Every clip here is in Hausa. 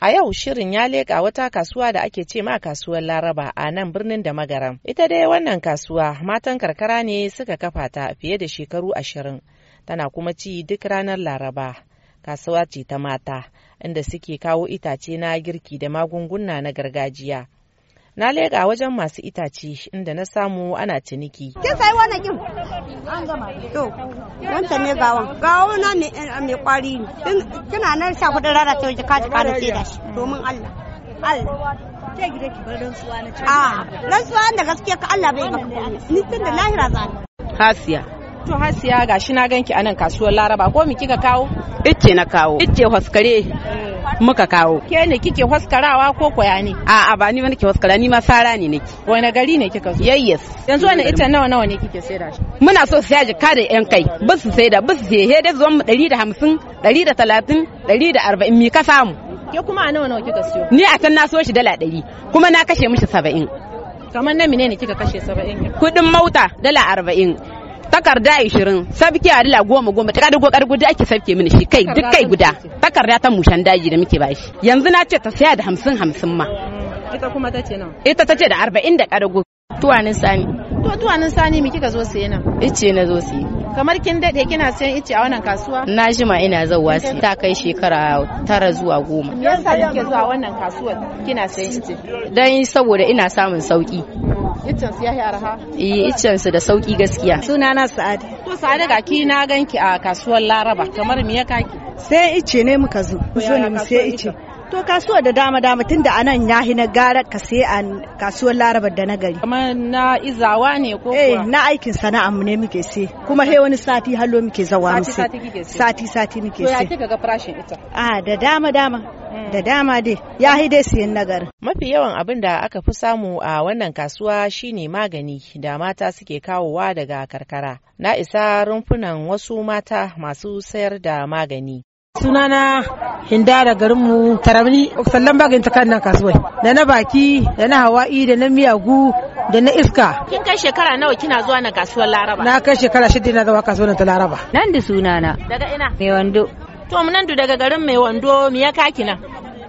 A yau shirin ya leƙa wata kasuwa da ake ce ma kasuwar Laraba a nan birnin da magaram. Ita dai wannan kasuwa matan karkara ne suka kafa ta fiye da shekaru ashirin. Tana kuma ci duk ranar Laraba. Kasuwa ce ta mata inda suke kawo itace na girki da magunguna na gargajiya. na lega wajen masu itace inda na samu ana ciniki kin sai wani kin an gama to wancan ne gawan gawo na mai kwari eh, kina nan sha kudin rara ta wajen kaji na ce da shi domin Allah Allah ke gida ki bar rantsuwa na ci a ah, rantsuwa da gaskiya ka Allah bai ga ni tun da lahira zani hasiya to hasiya gashi na ganki anan kasuwar laraba ko mi kika kawo Ice na kawo Ice haskare eh. muka kawo ke ne kike haskarawa ko koya ne a a ba ni ba nake haskara ni ma sara ne nake wani gari ne kika zo yes yanzu wani ita nawa nawa ne kike saida shi muna so su yaji kada yan kai ba su saida ba su sai he da zuwan mu 150 130 140 mi ka samu ke kuma a nawa nawa kika siyo ni a can na so shi dala 100 kuma na kashe mishi 70 kamar na menene kika kashe 70 kudin mota dala 40 takarda 20 sabki adila goma goma ta takarda kargo da ake sabke mini shi kai duk kai guda takarda ta mushan daji da muke bashi yanzu na ce ta saya da 50 50 ma ita kuma ta ce nawa ita ta ce da 40 da kargo tuwanin sani to tuwanin sani me kika zo siye nan ice na zo siye kamar kin dade kina sayan ice a wannan kasuwa na jima ina zauwa sai ta kai shekara tara zuwa goma me yasa kike zuwa wannan kasuwar kina sayan ice dan saboda ina samun sauki Iccen su arha. Eh iccen da sauki gaskiya. na sa'adi To sa'adi ga ki na ganki a kasuwar Laraba kamar me ya kaki? Sai ice ne muka zo. Zo ne mu sai ice. To kasuwar da dama dama tun da anan ya na gara ka sai a kasuwar Laraba da nagari. Kamar na izawa ne ko Eh na aikin sana'a mu ne muke sai kuma he wani sati hallo muke zawa mu sai. Sati sati sai. Sati sati muke sai. To ya kika ga farashin ita? Ah da dama dama. Mm. da dama dai ya dai siyan nagar. Mafi yawan abin da aka fi samu a wannan kasuwa shine magani da mata suke kawowa daga karkara. Na isa rumfunan wasu mata masu sayar da magani. sunana hinda da garinmu taramni sallan bagin ta kan kasuwai da na baki da na hawa'i da na miyagu da na iska kin kai shekara nawa kina zuwa na kasuwar laraba na kai shekara shida na zuwa kasuwar ta laraba nan da sunana daga ina mai wando To mu nan daga garin mai wando mu ya kaki nan.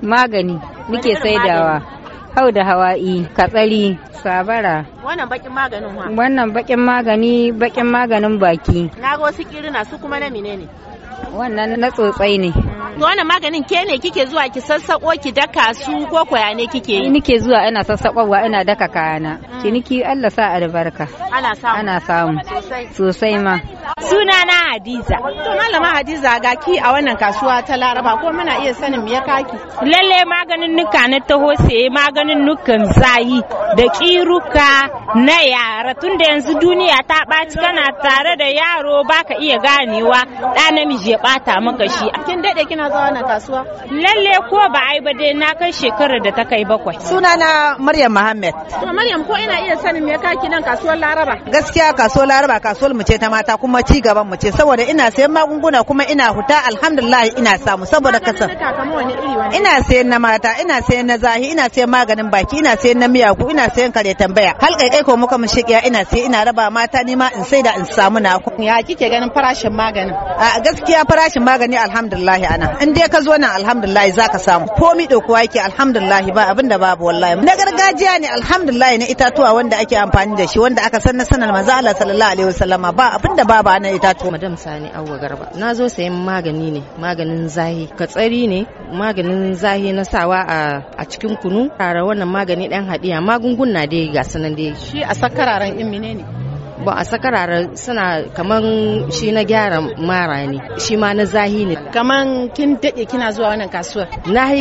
Magani muke saidawa. Hau da hawa'i, katsari, sabara. Wannan bakin maganin ma. Wannan bakin magani, bakin maganin baki. Na ga wasu kirina su kuma na mine ne. Wannan na tsotsai ne. wannan maganin ke ne kike zuwa ki sassaƙo ki daka su ko koya ne kike yi nike zuwa ina sassaƙowa ina daka kayana mm. ciniki Allah sa albarka ana samu sosai ma Suna na Hadiza. To malama Hadiza ga ki a wannan kasuwa ta Laraba ko muna iya sanin me ya kaki? Lalle maganin nuka na taho sai maganin nukan zayi da kiruka na yara tunda yanzu duniya ta ɓaci kana tare da yaro baka iya ganewa da namiji ya bata maka shi. Kin dade kina zuwa wannan kasuwa? Lalle ko ba ai ba dai na kai shekarar da ta kai bakwai. Suna na Maryam Muhammad. To Maryam ko ina iya sanin me ya kaki nan kasuwar Laraba? Gaskiya kasuwar Laraba kasuwar mu ce ta mata kuma ci gaban mu ce saboda ina sayan magunguna kuma ina huta alhamdulillah ina samu saboda kasan ina sayan na mata ina sayan na zahi ina sayan maganin baki ina sayan na miyagu ina sayan kare tambaya hal kai ko muka mun shiƙiya ina sayi ina raba mata nima in sai da in samu na ku ya kike ganin farashin maganin a gaskiya farashin magani alhamdulillah ana in dai ka zo nan alhamdulillah zaka samu komi dokuwa yake alhamdulillah ba abinda babu wallahi na gargajiya ne alhamdulillah na itatuwa wanda ake amfani da shi wanda aka san na sanar manzo Allah sallallahu alaihi wasallama ba abinda babu ita to madam sani awwa garba na zo sayan magani ne maganin zahi katsari ne maganin zahi na sawa a cikin kunu tare wannan magani dan hadiya magungun na dai ga sanan dai shi a sakararen in menene ba a sakararen suna kaman shi na gyara mara ne shi ma na zahi ne kaman kin dade kina zuwa wannan kasuwa na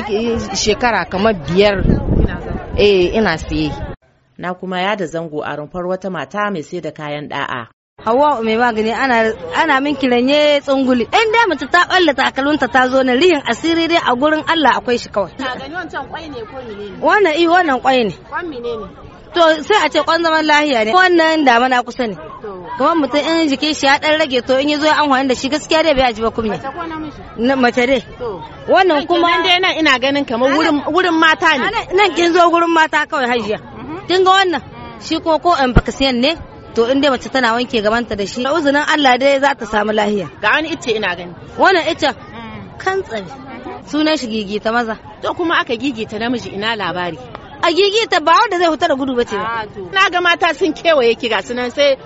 shekara kamar biyar eh ina siye na kuma ya da zango a rumfar wata mata mai sai da kayan da'a Hawa mai magani ana ana min kiranye tsunguli. In da mace ta balle takalunta ta zo na rihin asiri dai a gurin Allah akwai shi kawai. Ta gani wancan kwai ne ko menene? Wannan i eh, wannan kwai ne. Kwan menene? To sai a ce kwan zaman lahiya ne. Wannan mana kusa ne. Kamar mutum in jikin shi ya dan rage to in ya zo ya amfani da shi gaskiya dai bai aji ba kunya. Mace dai. Wannan kuma. Nan dai nan ina ganin kamar wurin mata ne. Nan kin zo wurin mata kawai hajiya. Mm-hmm. Kin ga wannan? Mm. Shi ko ko ambakasiyan ne. to in dai mace tana wanke gabanta da shi uzunin Allah dai za ta samu lahiya ga wani ita ina gani wannan ita mm. kan tsare sunan shi gigita maza to kuma aka gigita namiji ina labari a gigita ba wanda zai huta da gudu bace ah, na ga mata sun kewaye ki ga sunan sai eh,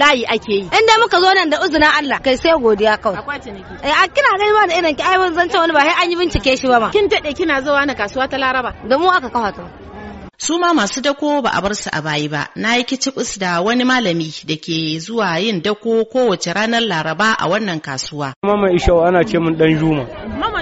layi ake yi inda muka zo nan da uzunin Allah kai sai godiya kawai akwai ciniki eh a kina gani ba da irin ki ai wanzan wani ba sai an yi bincike shi ba ma kin dade kina zuwa na kasuwa ta Laraba da mu aka kawo ta su ma masu dako ba a bar su a bayi ba na yi kicibis da wani malami da ke zuwa yin dako kowace ranar laraba a wannan kasuwa mama ishawa ana ce mun dan juma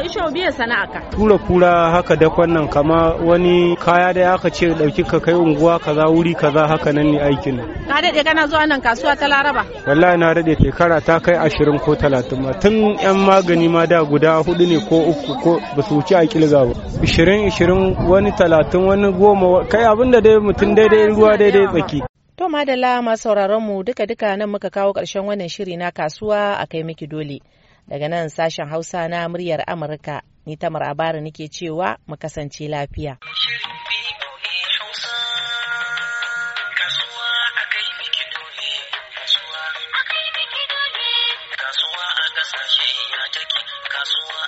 isho biya sana'a ka tura kura haka dakon nan kama wani kaya da aka ce dauki ka kai unguwa kaza wuri kaza haka nan ne aikin ka dade kana zuwa nan kasuwa ta Laraba wallahi na dade shekara ta kai ashirin ko talatin ma tun yan magani ma da guda hudu ne ko uku ko ba su wuce a kilga ba ishirin ishirin wani talatin wani goma kai abinda dai mutum daidai ruwa daidai tsaki To madalla masu sauraronmu duka-duka nan muka kawo ƙarshen wannan shiri na kasuwa a kai miki dole. daga nan sashen hausa na muryar amurka ni ta abara nake cewa mu kasance lafiya kasuwa